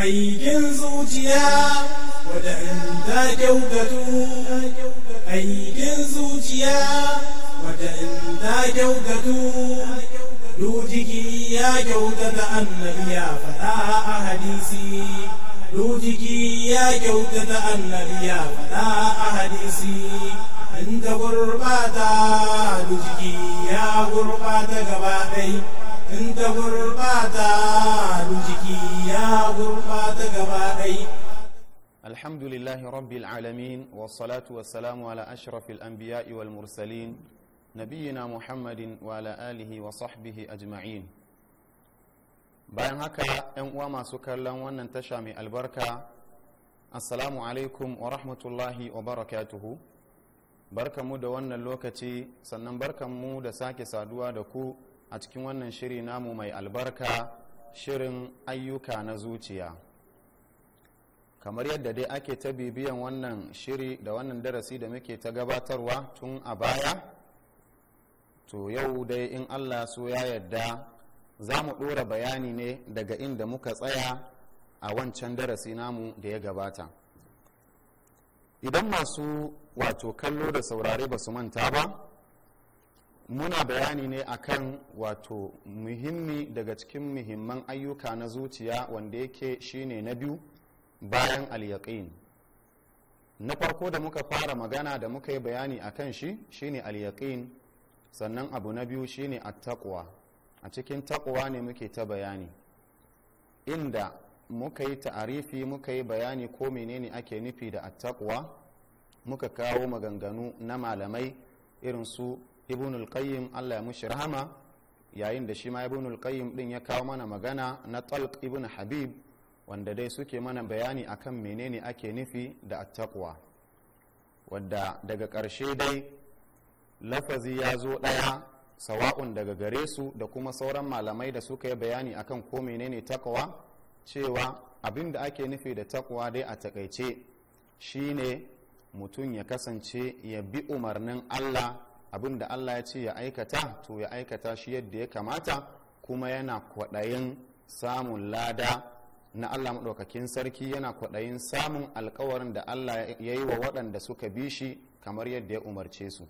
aikin zuciya waɗanda kyautatu aikin zuciya waɗanda kyautatu dujiki ya kyautata annabi ya faɗa a hadisi dujiki ya kyautata annabi ya faɗa a hadisi an ta gurɓata dujiki ya gurɓata gaba ɗaya in ta gurbata jiki ya gurbata gaba ɗai الحمد لله رب العالمين والصلاة والسلام على أشرف الأنبياء والمرسلين نبينا محمد وعلى آله وصحبه أجمعين bayan haka 'yan uwa masu kallon wannan tasha mai albarka assalamu alaikum wa rahmatullahi wa barakatuhu barkanmu da wannan lokaci sannan mu da sake saduwa da ku a cikin wannan shiri namu mai albarka shirin ayyuka na zuciya kamar yadda dai ake ta bibiyan wannan shiri da wannan darasi da muke ta gabatarwa tun a baya to yau dai in allah so ya yadda za mu ɗora bayani ne daga inda muka tsaya a wancan darasi namu da ya gabata idan masu wato kallo da saurare ba su manta ba muna bayani ne akan wato muhimmi daga cikin muhimman ayyuka na zuciya wanda yake shine na biyu bayan alyaƙin na farko da muka fara magana da muka yi bayani akan shi shine alyaƙin sannan abu na biyu shine at a cikin taƙwa ne muke ta bayani inda muka yi ta'arifi muka yi bayani ko menene ake nufi da at muka kawo maganganu na malamai irin su ibnul qayyim Allah ya mushi rahama yayin da shi ma ibnul qayyim din ya kawo mana magana na talq ibn habib wanda dai suke mana bayani akan menene ake nufi da attaqwa wanda daga ƙarshe dai lafazi ya zo ɗaya sawa'un daga gare su da kuma sauran malamai da suka yi bayani akan ko menene takwa cewa abin da ake nufi da takwa dai a takaice shine mutum ya kasance ya bi umarnin allah abin da Allah ya ce ya aikata to ya aikata shi yadda ya kamata kuma yana kwaɗayin samun lada na Allah maɗaukakin sarki yana kwaɗayin samun alkawarin da Allah ya yi wa waɗanda suka bi shi kamar yadda ya umarce su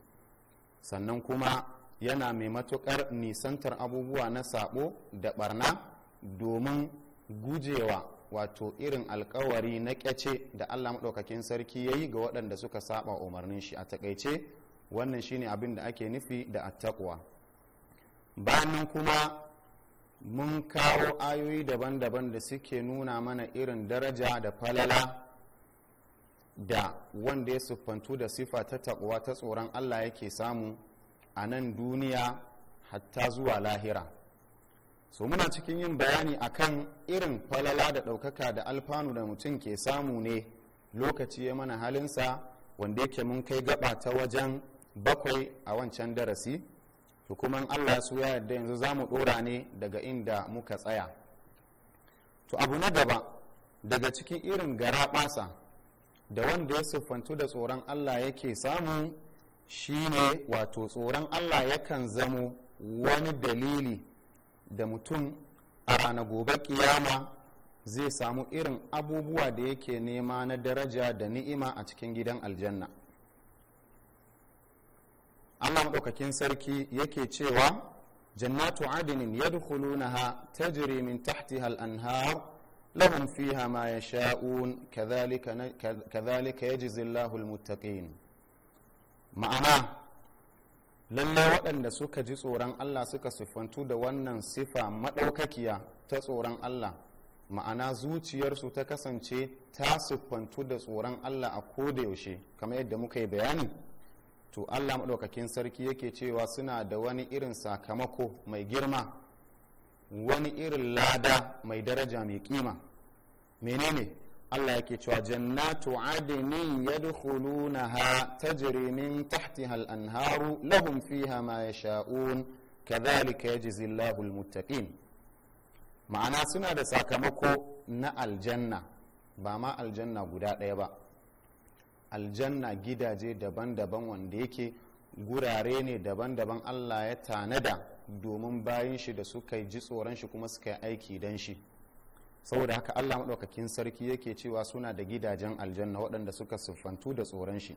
sannan kuma yana mai matuƙar nisantar abubuwa na saɓo da ɓarna domin gujewa wato irin alkawari na ƙyace da Allah maɗaukakin sarki ya yi ga waɗanda suka saɓa umarnin shi a taƙaice wannan shine abin da ake nufi da attaqwa bayan kuma mun kawo ayoyi daban-daban da suke nuna mana irin daraja da falala da wanda ya siffantu da sifa ta takwa ta tsoron allah yake samu a nan duniya hatta zuwa lahira so muna cikin yin bayani akan irin falala da ɗaukaka da alfanu da mutum ke samu ne lokaci ya mana halinsa wanda yake mun kai gaba ta wajen bakwai a wancan darasi to kuma allah su ya yarda yanzu za mu ɗora ne daga inda muka tsaya to abu na gaba daga cikin irin gara ɓasa da wanda ya siffantu da tsoron allah yake samu shine wato tsoron allah yakan zamo wani dalili da mutum a rana gobe kiyama zai samu irin abubuwa da yake nema na daraja da ni'ima a cikin gidan aljanna allah maɗaukakin sarki yake cewa jannatu adinin ya yadkhulunaha tajri min tahtiha al-anhar lahum fiha ma ya sha'un kadhalika ya ji al ma'ana lalle waɗanda suka ji tsoron Allah suka siffantu da wannan sifa maɗaukakiya ta tsoron Allah ma'ana zuciyarsu ta kasance ta siffantu da tsoron Allah a koda yaushe kamar yadda muka yi bayani to allah maɗaukakin sarki yake cewa suna da wani irin sakamako mai girma wani irin lada mai daraja mai kima menene allah yake cewa jannatu adinin yadkhulunaha tajri min tahtiha al-anharu lahum fiha ma yasha'un kadhalika yajzi Allahu al-muttaqin ma'ana suna da sakamako na aljanna ba ma aljanna guda ɗaya ba aljanna gidaje daban-daban wanda yake gurare ne daban-daban allah ya tanada domin bayan shi da suka ji tsoron shi kuma suka yi aiki don shi saboda haka allah maɗaukakin sarki yake cewa suna da gidajen aljanna waɗanda suka siffantu da tsoron shi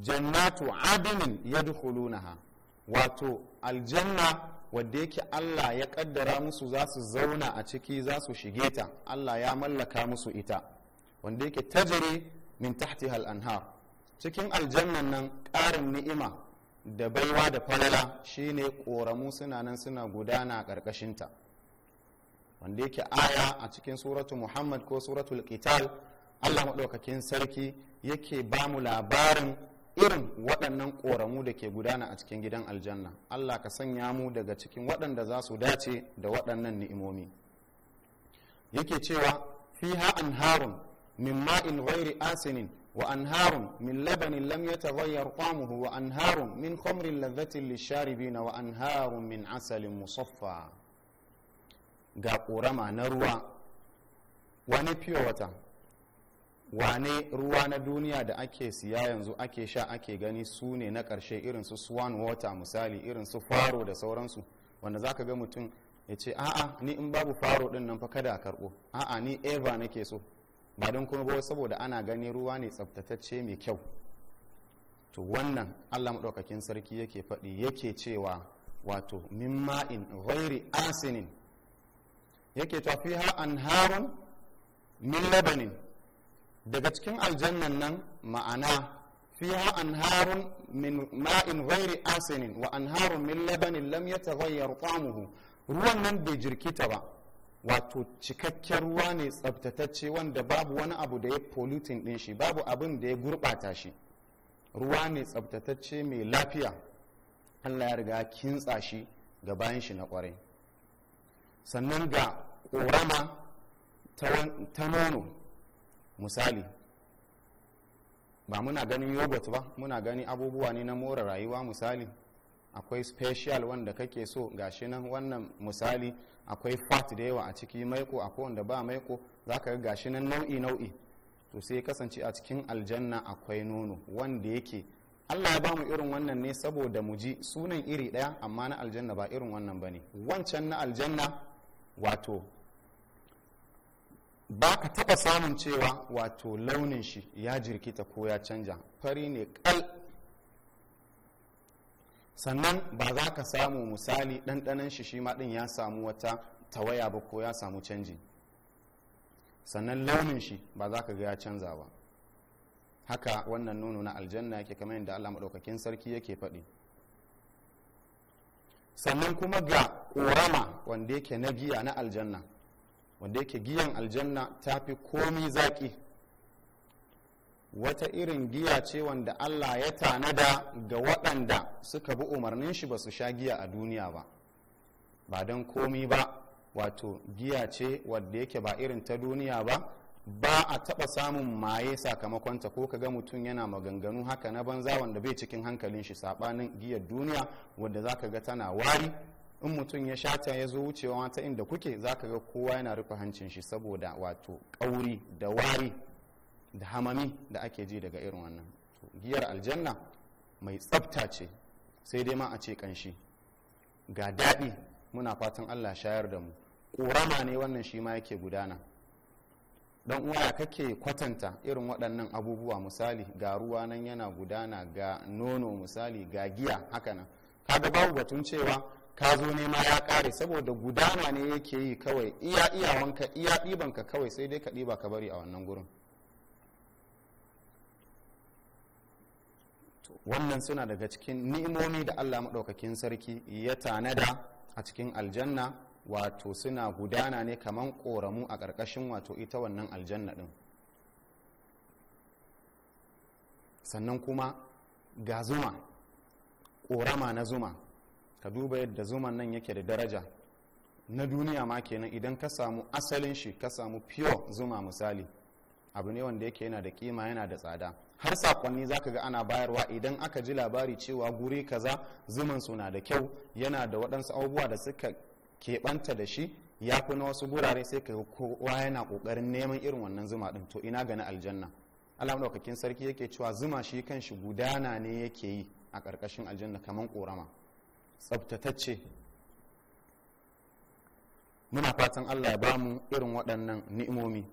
jannatu adinin yadkhulunaha wato aljanna wadda yake allah ya ƙaddara musu za su zauna a ciki za su shige ta allah ya mallaka musu ita wanda yake tajare min tahti hal anhar cikin aljannan nan ƙarin ni'ima da baiwa da falala shine ƙoramu suna nan suna gudana a ƙarƙashinta wanda yake aya a cikin suratu muhammad ko suratu qital allah maɗaukakin sarki yake ba mu labarin irin waɗannan ƙoramu da ke gudana a cikin gidan aljanna allah ka sanya mu daga cikin waɗanda za su dace da waɗannan ni'imomi yake cewa fiha anharun min ma'in ghairi asinin wa anharun min labanin lam yataghayyar qamuhu wa anharun min khamrin ladhatin lisharibina wa anharun min asalin ga korama na ruwa wani pure water wane ruwa na duniya da ake siya yanzu ake sha ake gani su ne na ƙarshe irin su swan water misali irin su faro da sauransu wanda zaka ga mutum ya ce a'a ni in babu faro din nan fa kada a karɓo a'a ni eva nake so ba don kuma ba saboda ana ganin ruwa ne tsaftatacce mai kyau to wannan allah maɗaukakin sarki yake faɗi yake cewa wato min in ghairi asinin yake an harun min labanin daga cikin aljannan nan ma'ana an harun min ma'in ghairi asinin wa harun min labanin lam yataghayyar ta'amuhu ruwan nan bai jirkita ba wato cikakken ruwa ne tsabtatacce wanda babu wani abu da ya polluting din shi babu abin da ya gurbata shi ruwa ne tsabtatacce mai lafiya allah ya riga kintsa shi ga bayan shi na kwarai sannan ga ƙorama ta nono misali ba muna ganin yogurt ba muna gani abubuwa ne na more rayuwa misali akwai special wanda kake so gashi nan wannan misali akwai fat da yawa a ciki maiko akwai wanda ba maiko za ka ga shi nan nau'i nau'i to sai kasance a cikin aljanna akwai nono wanda yake allah ya bamu irin wannan ne saboda mu ji sunan iri ɗaya amma na aljanna ba irin wannan ba ne wancan na aljanna wato ba ka taɓa samun cewa wato launin shi ya jirkita ko ya canja fari ne kal sannan ba za ka samu misali ɗanɗanan shi shi ɗin ya samu wata tawaya ba ko ya samu canji sannan launin shi ba za ka ga ya canza ba haka wannan nono na aljanna yake kamar yadda allah maɗaukakin sarki yake faɗi sannan kuma ga ƙorama wanda yake na giya na aljanna wanda yake giyan aljanna ta fi komi zaƙi wata irin giya ce wanda Allah ya tanada ga waɗanda suka bi umarnin shi ba su sha giya a duniya ba ba don komi ba wato giya ce wadda yake ba irin ta duniya ba ba a taɓa samun maye sakamakonta ko ka ga mutum yana maganganu haka na banza wanda bai cikin hankalin shi saɓanin giyar duniya wadda za ka ga tana wari in mutum ya sha ta ya zo wucewa ta inda kuke za ka ga kowa yana rufe hancin shi saboda wato ƙauri da wari da hamami da ake ji daga irin wannan giyar aljanna mai tsafta ce sai dai ma a ce kanshi ga daɗi muna fatan allah shayar da mu ƙorama ne wannan shi ma yake gudana dan uwa kake kwatanta irin waɗannan abubuwa misali ga ruwa nan yana gudana ga nono misali ga giya haka nan kaga babu batun cewa ka zo nema ya ƙare saboda gudana ne yake yi kawai iya iyawanka iya ɗibanka kawai sai dai ka ɗiba ka bari a wannan gurin wannan suna daga cikin ni'imomi da allah maɗaukakin sarki ya tanada a cikin aljanna wato suna gudana ne kaman ƙoramu a ƙarƙashin wato ita wannan aljanna ɗin sannan kuma ga zuma ƙorama na zuma ka duba yadda zuman nan yake da daraja na duniya ma kenan idan ka samu asalin shi ka samu pure zuma misali abu ne wanda yake yana da kima yana da tsada har sakonni za ka ga ana bayarwa idan aka ji labari cewa guri kaza zuman suna da kyau yana da waɗansu abubuwa da suka keɓanta da shi ya fi na wasu gurare sai ka kowa yana ƙoƙarin neman irin wannan zuma ɗin to ina gani aljanna alamun ɗaukakin sarki yake cewa zuma shi kan shi gudana ne yake yi a ƙarƙashin aljanna kamar ƙorama tsabtatacce muna fatan allah ya bamu irin waɗannan ni'imomi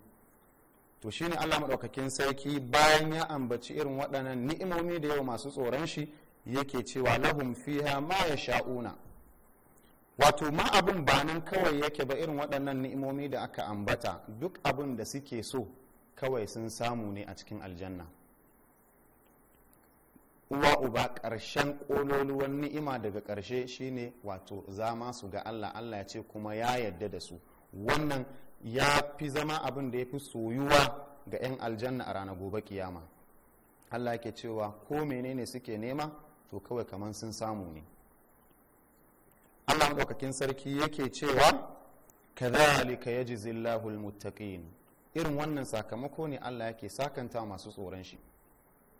to shine Allah maɗaukakin sarki bayan ya ambaci irin waɗannan ni'imomi da yau masu tsoron shi yake cewa lahum fiha ma ya sha'una wato ma abin ba nan kawai yake ba irin waɗannan ni'imomi da aka ambata duk abun da suke so kawai sun samu ne a cikin aljanna uwa uba ƙarshen ƙololuwan ni'ima daga ƙarshe shine wato zama su ga allah allah ya ce kuma ya yadda da su wannan ya fi zama abin da ya fi soyuwa ga 'yan aljanna a ranar gobe kiyama allah ke cewa ko menene suke nema to kawai kamar sun samu ne allah maɗaukakin sarki yake cewa ka ka yaji Allahu almuttaqin irin wannan sakamako ne Allah yake sakanta masu tsoron shi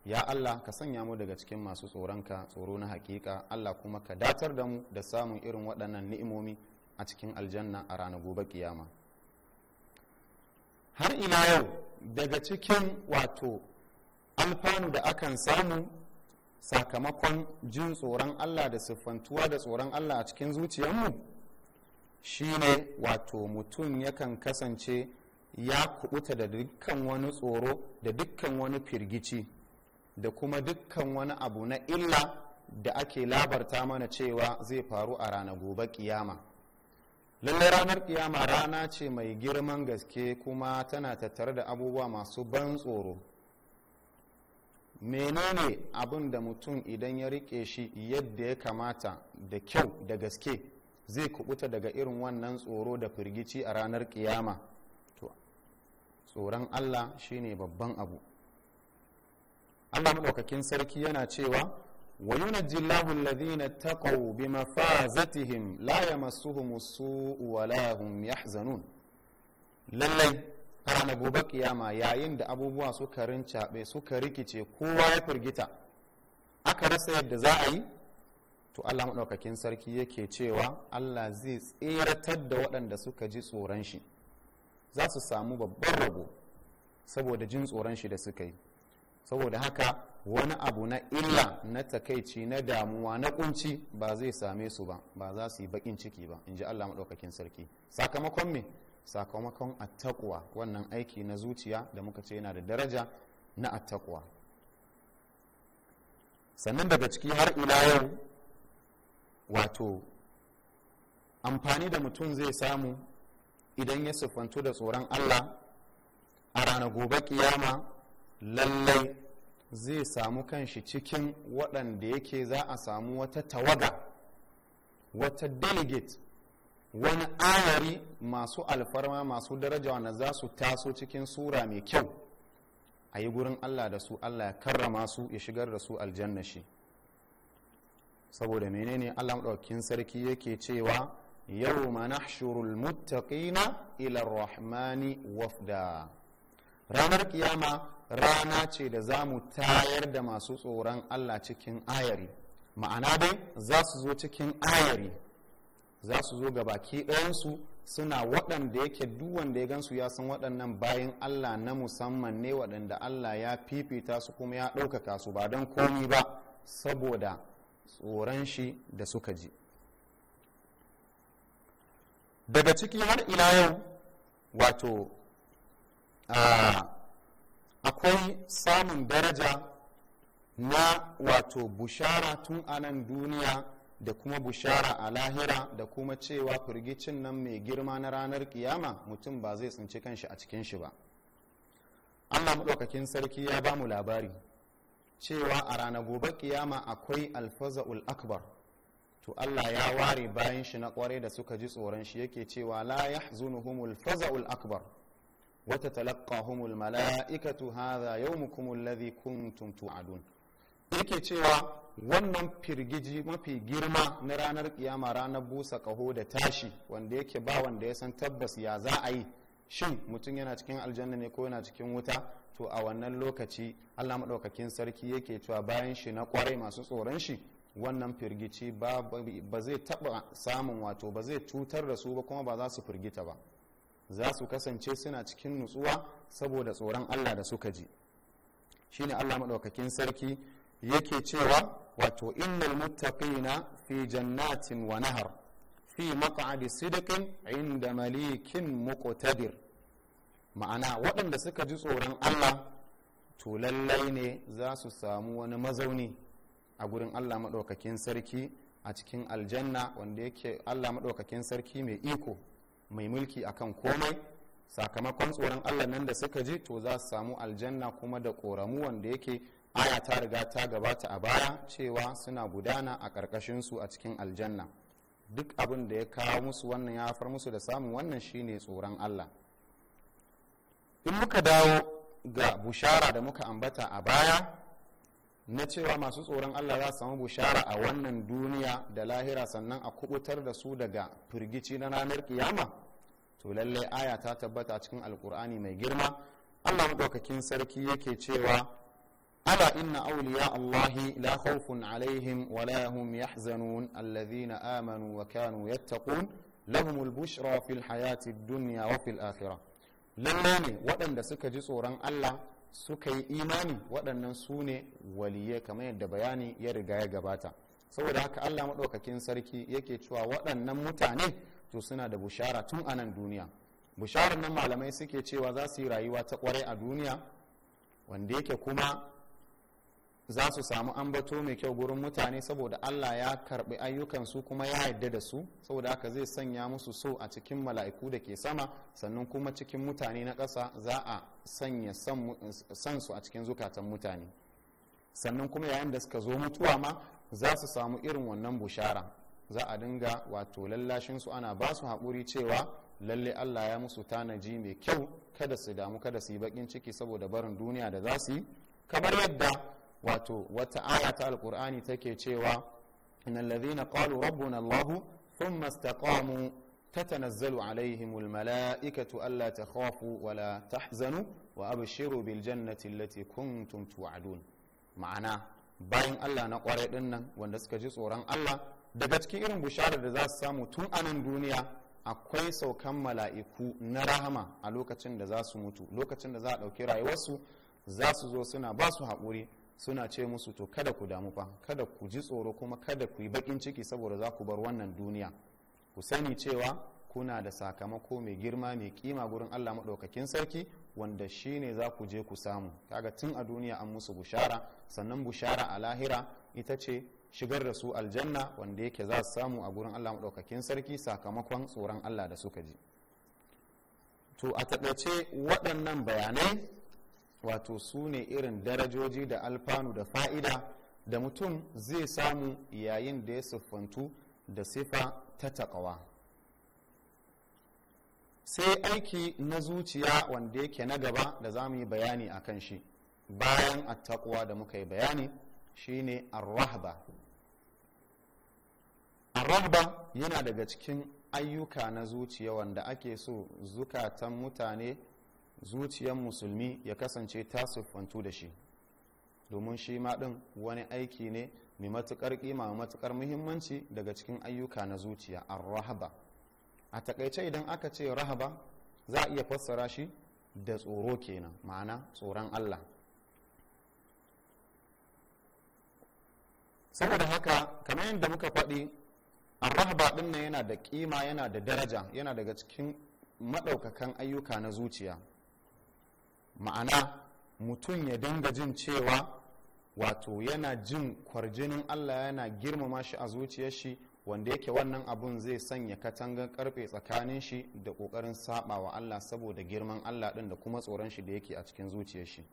ya Allah ka sanya mu daga cikin masu tsoronka tsoro na hakika Allah kuma ka datar da mu da samun irin waɗannan ni'imomi a cikin aljanna a ranar gobe kiyama har ina yau daga cikin wato alfanu da akan samu sakamakon jin tsoron allah da siffantuwa da tsoron allah a cikin zuciyarmu shine wato mutum yakan kasance ya kubuta da dukkan wani tsoro da dukkan wani firgici da kuma dukkan wani abu na illa da ake labarta mana cewa zai faru a ranar gobe kiyama lallai ranar kiyama rana ce mai girman gaske kuma tana tattare da abubuwa masu ban tsoro menene abin da mutum idan ya rike shi yadda ya kamata da kyau da gaske zai kubuta daga irin wannan tsoro da firgici a ranar kiyama tsoron allah shine babban abu allah maɗaukakin sarki yana cewa wa yunajji Allahu alladhina taqaw bi mafazatihim la yamassuhum as-su'u wa la hum yahzanun lallai ranar gobe kiyama yayin da abubuwa suka rincaɓe suka rikice kowa ya firgita aka rasa yadda za a yi to allah maɗaukakin sarki yake cewa allah zai tseratar da waɗanda suka ji tsoron shi za su samu babban rabo saboda jin tsoron shi da suka yi saboda haka wani abu na illa na takaici na damuwa na kunci ba zai same su ba ba za su yi bakin ciki ba in ji allah maɗaukakin sarki sakamakon me sakamakon attaƙwa wannan aiki na zuciya da muka ce yana da daraja na attaƙwa sannan daga ciki har ila yau wato amfani da mutum zai samu idan ya siffantu da tsoron allah a ranar gobe kiyama lallai zai samu kanshi cikin waɗanda yake za a samu wata tawaga wata delegate wani ayari masu alfarma masu daraja wanda za su taso cikin sura mai kyau a yi gurin allah da su allah ya karrama su ya shigar da su aljanna shi saboda menene allah maɗaukin sarki yake cewa yau ma nahshurul muttaqina ila rahmani wafda ranar kiyama rana ce da za mu tayar da masu tsoron Allah cikin ayari ma'ana dai za su zo cikin ayari za su zo ga baki ɗayansu suna waɗanda yake duk wanda ya gansu ya san waɗannan bayan Allah na musamman ne waɗanda Allah ya fifita su kuma ya ɗaukaka su ba don komi ba saboda tsoron shi da suka ji daga ciki har ila yau wato a ah, akwai samun daraja na wato bushara tun a nan duniya da kuma bushara a lahira da kuma cewa firgicin nan mai girma na ranar kiyama mutum ba zai tsinci kanshi a cikin shi ba allah maɗaukakin sarki ya ba mu labari cewa a ranar gobe kiyama akwai alfaza'ul akbar to allah ya ware bayan shi na kware da suka ji tsoron shi yake cewa la yahzunuhumul faza'ul akbar وتتلقاهم الملائكة هذا يومكم الذي كنتم توعدون yake cewa wannan firgiji mafi girma na ranar kiyama ranar busa kaho da tashi wanda yake ba wanda ya san tabbas ya za a yi shin mutum yana cikin aljanna ne ko yana cikin wuta to a wannan lokaci allah maɗaukakin sarki yake cewa bayan shi na kwarai masu tsoron shi wannan firgici ba zai taɓa samun wato ba zai cutar da su ba kuma ba za su firgita ba za su kasance suna cikin nutsuwa saboda tsoron allah da suka ji Shi ne allah maɗaukakin sarki yake cewa wato innal muttaqina fi jannatin wa nahar fi maq'adi sidqin inda malikin muqtadir ma'ana waɗanda suka ji tsoron allah to lallai ne za su samu wani mazauni a gurin allah maɗaukakin sarki a cikin aljanna wanda yake allah maɗaukakin sarki mai iko mai mulki akan komai sakamakon tsoron allah nan da suka ji to za su samu aljanna kuma da ƙoramu wanda yake aya ta riga ta gabata a baya cewa suna gudana a ƙarƙashinsu a cikin aljanna duk abin da ya kawo musu wannan ya far musu da samun wannan shine tsoron allah in muka dawo ga bushara da muka ambata a baya na cewa masu tsoron allah za su samu bushara a wannan duniya da lahira sannan a kubutar da su daga firgici na ranar kiyama to lallai aya ta tabbata cikin alkur'ani mai girma allah maɗaukakin sarki yake cewa ala inna awliya allahi la khawfun alaihim wa la hum yahzanun alladhina amanu wa kanu yattaqun lahum bushra fil hayati dunya wa fil akhirah lalle ne waɗanda suka ji tsoron allah suka yi imani waɗannan su ne waliyai kamar yadda bayani ya riga ya gabata saboda haka allah maɗaukakin sarki yake cewa waɗannan mutane to suna da bushara tun a nan duniya bushara nan malamai suke cewa za su yi rayuwa ta kwarai a duniya wanda yake kuma za su samu ambato mai kyau gurin mutane saboda allah ya karbi ayyukansu kuma ya yarda da su saboda haka zai sanya musu so a cikin mala'iku da ke sama sannan kuma cikin mutane na ƙasa za a sanya san su a cikin zukatan mutane sannan kuma yayin da suka zo mutuwa ma za su samu irin wannan bushara za a dinga wato lallashin su ana ba su haƙuri cewa lalle allah ya musu tanaji mai kyau kada su damu kada su yi baƙin ciki saboda barin duniya da za su yi kamar yadda wato wata aya ta alkur'ani take cewa إن الذين قالوا ربنا الله ثم استقاموا تتنزل عليهم الملائكة wala tahzanu wa تحزنوا وأبشروا بالجنة التي كنتم توعدون ma'ana bayan Allah na kwarai ɗinnan nan wanda suka ji tsoron Allah daga cikin irin bushara da za su samu tun anan duniya akwai saukan mala'iku na rahama a lokacin da za su mutu lokacin da za a ɗauki rayuwarsu za su zo suna ba su haƙuri suna ce musu to kada ku damu fa kada ku ji tsoro kuma kada ku yi baƙin ciki saboda za ku bar wannan duniya ku sani cewa kuna da sakamako mai girma mai kima gurin allah maɗaukakin sarki wanda shi ne za ku je ku samu kaga tun a duniya an musu bushara sannan bushara a lahira ita ce shigar da su aljanna wanda yake za su samu a gurin allah maɗaukakin sarki sakamakon tsoron allah da suka ji to a taɗace waɗannan bayanai wato su ne irin darajoji da alfanu da fa'ida da mutum zai samu yayin da ya siffantu da sifa ta taƙawa sai aiki na zuciya wanda yake na gaba da za mu yi bayani a kan shi bayan a attaƙuwa da muka yi bayani shine ar arrahba yana daga cikin ayyuka na zuciya wanda ake so zukatan mutane zuciyan musulmi ya kasance ta siffantu da shi domin shi ma din wani aiki ne mai matuƙar ƙima matukar muhimmanci daga cikin ayyuka na zuciya arrahba a takaice idan aka ce rahaba za a iya fassara shi da tsoro kenan ma'ana tsoron allah saboda haka kamar yadda muka faɗi arrahba ɗin nan yana da ƙima yana da daraja yana daga cikin maɗaukakan ayyuka na zuciya ma'ana mutum ya dinga jin cewa wato yana jin kwarjinin allah yana girmama shi a zuciyar shi wanda yake wannan abun zai sanya katangar karfe tsakanin shi da kokarin saba wa allah saboda girman allah din da kuma tsoron shi da yake a cikin zuciyar shi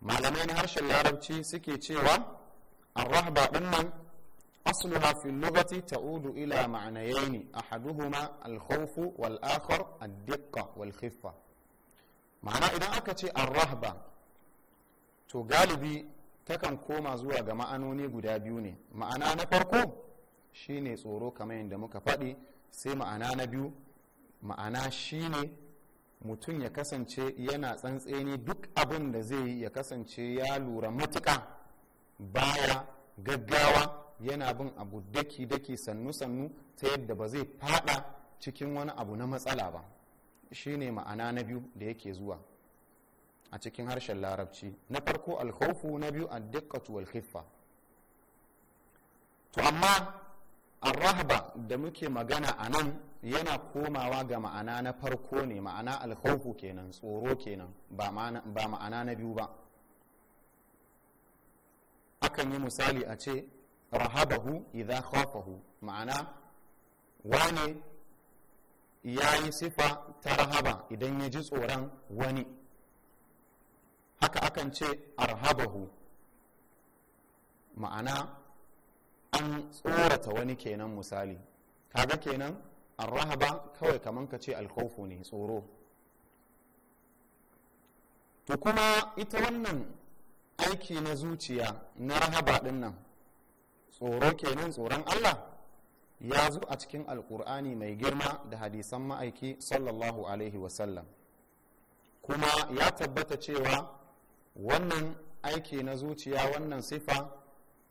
malamai na harshen larabci suke cewa ta udu ila في اللغة تعود إلى معنيين أحدهما الخوف والآخر Ma'ana idan aka ce أكت to galibi takan koma zuwa ga ma'anoni guda biyu ne ma'ana na farko shine tsoro kamar yadda muka faɗi sai ma'ana na biyu ma'ana shi ne mutum ya kasance yana tsantseni duk abin da zai yi ya kasance ya lura matuka. baya gaggawa yana bin abu daki-daki sannu-sannu ta yadda ba zai fada cikin wani abu na matsala ba shi ne ma'ana na biyu da yake zuwa a cikin harshen larabci na farko alkhawfu na biyu a dukkatu alkhifa to amma arrahba da muke magana a nan yana komawa ga ma'ana na farko ne ma'ana alkhawfu kenan tsoro kenan ba ma'ana na biyu ba akan yi misali a ce rahabahu idha khafahu ma'ana wani ya yi sifa ta rahaba idan ya ji tsoron wani haka akan ce arhabahu ma'ana an tsorata wani kenan misali kaga kenan arhaba kawai kaman ka ce alkhawfu ne tsoro to kuma ita wannan aiki na zuciya na rahaba din nan tsoro kenan tsoron allah ya zo a cikin alkur'ani mai girma da hadisan ma'aiki sallallahu alaihi wasallam kuma ya tabbata cewa wannan aiki na zuciya wannan sifa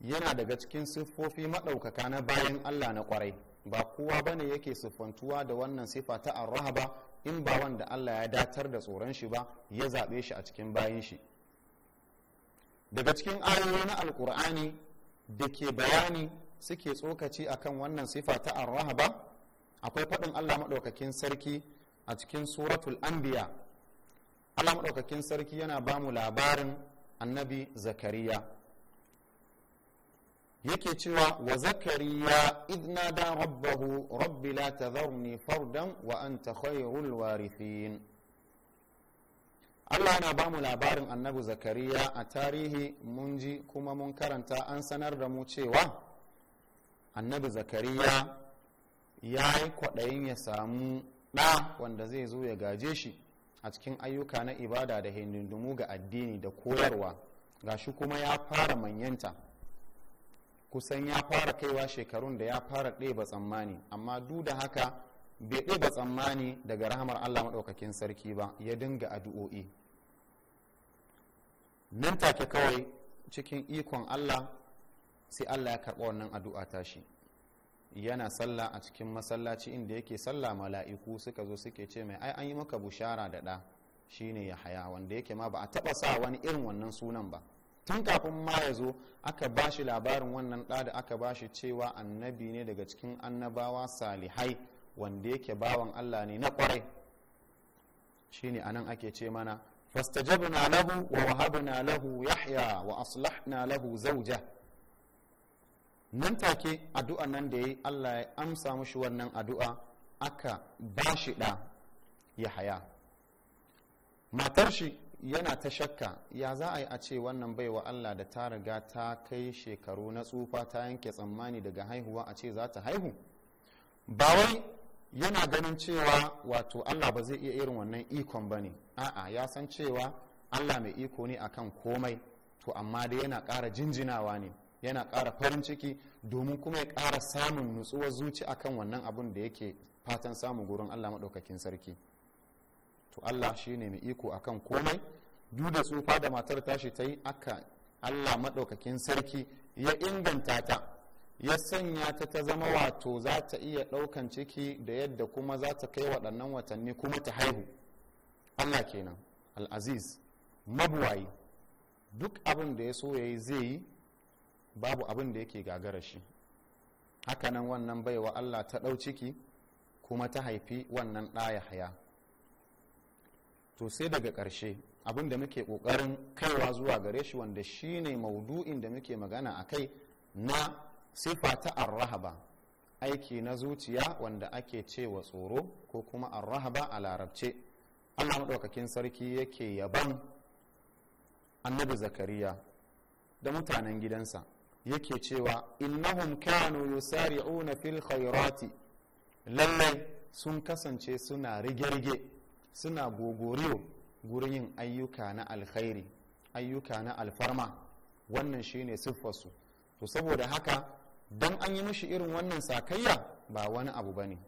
yana daga cikin siffofi maɗaukaka na bayan allah na kwarai ba kowa ba ne yake siffantuwa da wannan sifa ta arraha ba in ba wanda allah ya datar da tsoron shi ba ya zaɓe shi a cikin bayan shi daga cikin ayoyi na alkur'ani da ke bayani suke tsokaci akan wannan sifa ta arrahaba akwai faɗin allah maɗaukakin sarki a cikin suratul anbiya allah maɗaukakin sarki yana ba mu labarin annabi zakariya yake cewa wa zakariya idna da rabbahu rabbi la tadharni fardan wa anta khairul warithin allah yana ba mu labarin annabi zakariya a tarihi mun ji kuma mun karanta an sanar da mu cewa annabi zakariya ya yi kwaɗayin ya samu ɗa wanda zai zo ya gaje shi a cikin ayyuka na ibada da hindindumu ga addini da koyarwa ga shi kuma ya fara manyanta kusan ya fara kaiwa shekarun da ya fara ɗeba tsammani amma duk da haka bai ɗeba tsammani daga rahamar allah maɗaukakin sarki ba ya dinga addu'o'i nan take kawai cikin ikon allah sai allah ya karɓa wannan addu'a ta shi yana sallah a cikin masallaci inda yake sallah mala'iku suka zo suke ce mai ai an yi maka bushara da ɗa shine ya haya wanda yake ma ba a taɓa sa wani irin wannan sunan ba tun kafin ma ya zo aka ba shi labarin wannan ɗa da aka ba shi cewa annabi ne daga cikin annabawa salihai wanda yake bawan Allah ne na kwarai shine anan ake ce mana fastajabna lahu wa wahabna lahu yahya wa aslahna lahu zauja nan take addu'a nan da yayi Allah ya amsa mushi wannan addu'a aka bashi da yahya matar shi yana ta shakka ya za a yi a ce wannan bai wa Allah da ta riga ta kai shekaru na tsufa ta yanke tsammani daga haihuwa a ce za ta haihu ba wai yana ganin cewa wato allah ba zai iya irin wannan ikon ba ne a'a ya san cewa allah mai iko ne akan komai to amma dai yana ƙara jinjinawa ne yana ƙara farin ciki domin kuma ya ƙara samun nutsuwar zuci akan wannan abun da yake fatan samun gurin allah maɗaukakin sarki to allah shi ne mai iko akan komai duk da tsufa da matar tashi ta yi aka allah maɗaukakin sarki ya inganta ta ya sanya ta ta zama wato za ta iya ɗaukan ciki da yadda kuma za ta kai waɗannan watanni kuma ta haihu allah kenan al'aziz mabuwayi duk abin da ya so ya yi zai yi babu abin da yake gagara shi hakanan wannan baiwa allah ta ɗau ciki kuma ta haifi wannan ɗaya haya to sai daga ƙarshe abin da muke ƙoƙarin kaiwa zuwa gare shi wanda shine maudu'in da muke magana a kai na sifa ta arrahaba aiki na zuciya wanda ake cewa tsoro ko kuma arrahaba a larabce allah maɗaukakin sarki yake yaban annabi zakariya da mutanen gidansa yake cewa innahum kanu yusari'una fil khairati lallai sun kasance suna rige-rige suna gogoriyo gurin yin ayyuka na alkhairi ayyuka na alfarma wannan shine siffarsu to saboda haka don an yi mishi irin wannan sakayya ba wani abu ba ne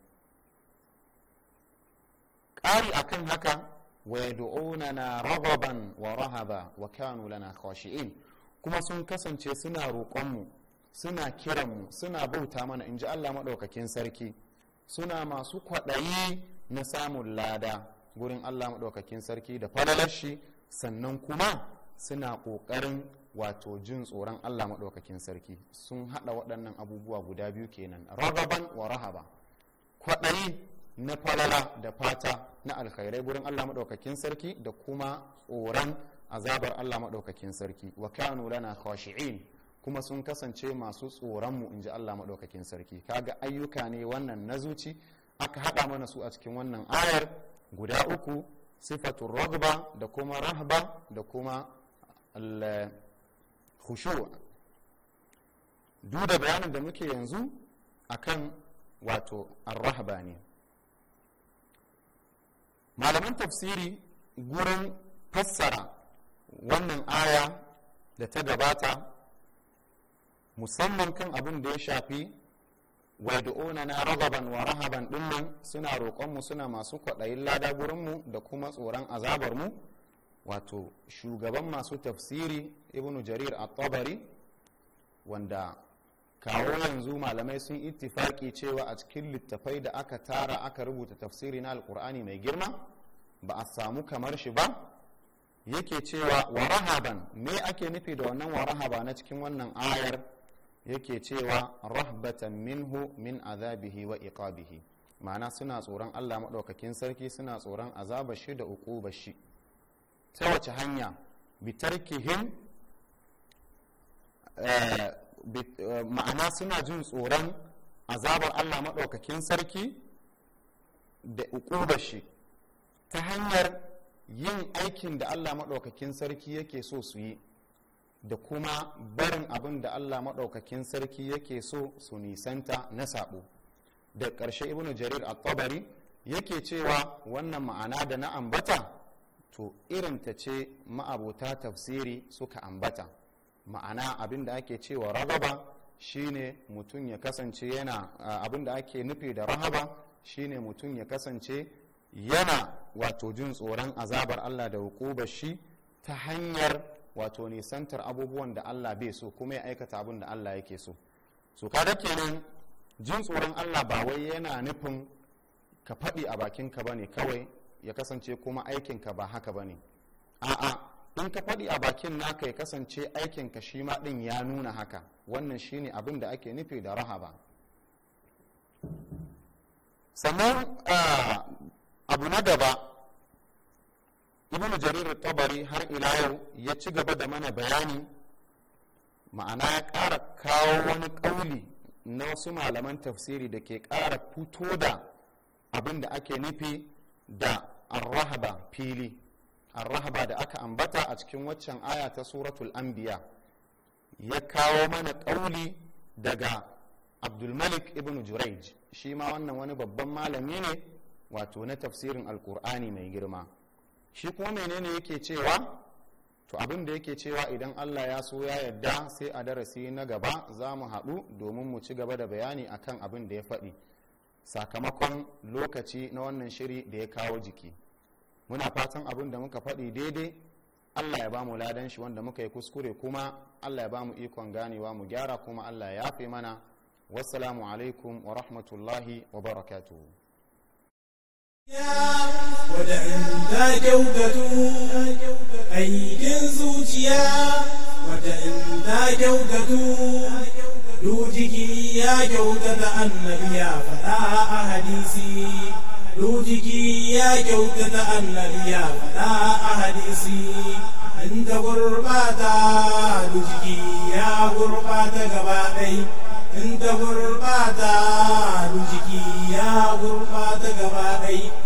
ƙari a kan haka da'una na ragaban wa rahaba wa kanu lana khashi'in kuma sun kasance suna roƙonmu suna kiranmu suna bauta mana in ji Allah maɗaukakin sarki suna masu kwaɗayi na samun lada gurin Allah maɗaukakin sarki da falalar sannan kuma suna ƙoƙarin wato jin tsoron Allah maɗaukakin sarki sun haɗa waɗannan abubuwa guda biyu kenan ragaban wa rahaba kwaɗayi na falala da fata na alkhairai gurin Allah maɗaukakin sarki da kuma tsoron azabar Allah maɗaukakin sarki wa kanu lana khashi'in kuma sun kasance masu tsoron mu inji Allah maɗaukakin sarki kaga ayyuka ne wannan na zuci aka haɗa mana su a cikin wannan ayar guda uku sifatu ragba da kuma rahba da kuma khushu' duda bayanin da muke yanzu akan wato arrahaba ne malaman tafsiri gurin fassara wannan aya da ta gabata musamman kan abin da ya shafi waidu'una na ragaban wa rahaban dinnan suna roƙonmu suna masu kwaɗayin lada gurinmu da kuma tsoron azabarmu wato shugaban masu tafsiri ibnu jarir a tabari wanda kawo yanzu malamai sun ittifaki cewa a cikin littafai da aka tara aka rubuta tafsiri na alkur'ani mai girma ba a samu kamar shi ba yake cewa warahaban me ake nufi da wannan warahaba na cikin wannan ayar yake cewa rahbatan minhu min azabihi wa iqabihi ma'ana suna tsoron allah maɗaukakin sarki suna tsoron azabar shi da ba shi ta wace hanya bitarkihin eh, eh, ma'ana suna jin tsoron azabar allah maɗaukakin sarki da uƙubar shi ta hanyar yin aikin da allah maɗaukakin sarki yake so su yi da kuma barin abin da allah maɗaukakin sarki yake so su nisanta na saɓo da ƙarshe ibnu jarir a yake cewa wannan ma'ana da na ambata to irin ta ce ma'abota tafsiri suka ambata ma'ana abin da ake cewa ragaba shine mutum ya kasance yana abin da ake nufi da rahaba shine mutum ya kasance yana wato jin tsoron azabar allah da hukubar shi ta hanyar wato nisantar abubuwan da allah bai so kuma ya aikata abin da allah yake so so kada kenan jin tsoron allah ba wai yana nufin ka faɗi a bakinka ba ne kawai ya kasance kuma aikinka ba haka ba ne a'a in ka faɗi a bakin naka ya kasance aikinka shi ma ɗin ya nuna haka wannan shi ne abin da ake nufi da rahaba sannan abu na gaba ibn jarir tabari har ila yau ya ci gaba da mana bayani ma'ana ya ƙara kawo wani ƙauli na wasu malaman tafsiri da ke ƙara fito da abin da ake nufi da arrahaba fili arrahaba da aka ambata a cikin waccan aya ta suratul anbiya ya kawo mana ƙauli daga abdulmalik ibn juraij shi ma wannan wani babban malami ne wato na tafsirin alkur'ani mai girma shi kuma menene yake cewa to abin da yake cewa idan allah ya so ya yadda sai a darasi na gaba za mu haɗu domin mu ci gaba da bayani akan abin da ya faɗi sakamakon lokaci na wannan shiri da ya kawo jiki muna fatan abin da muka faɗi daidai allah ya bamu ladan shi wanda muka yi kuskure kuma allah ya bamu ikon ganewa mu gyara kuma allah ya fi mana wassalamu alaikum wa rahmatullahi wa barakatuhu wadanda aikin zuciya dujiki ya kyautata annabiya faɗa a hadisi lujiki ya kyauta na annabi ya a hadisi in ta gurbata lujiki ya gurbata gaba ɗai in ta gurbata lujiki ya gurbata gaba ɗai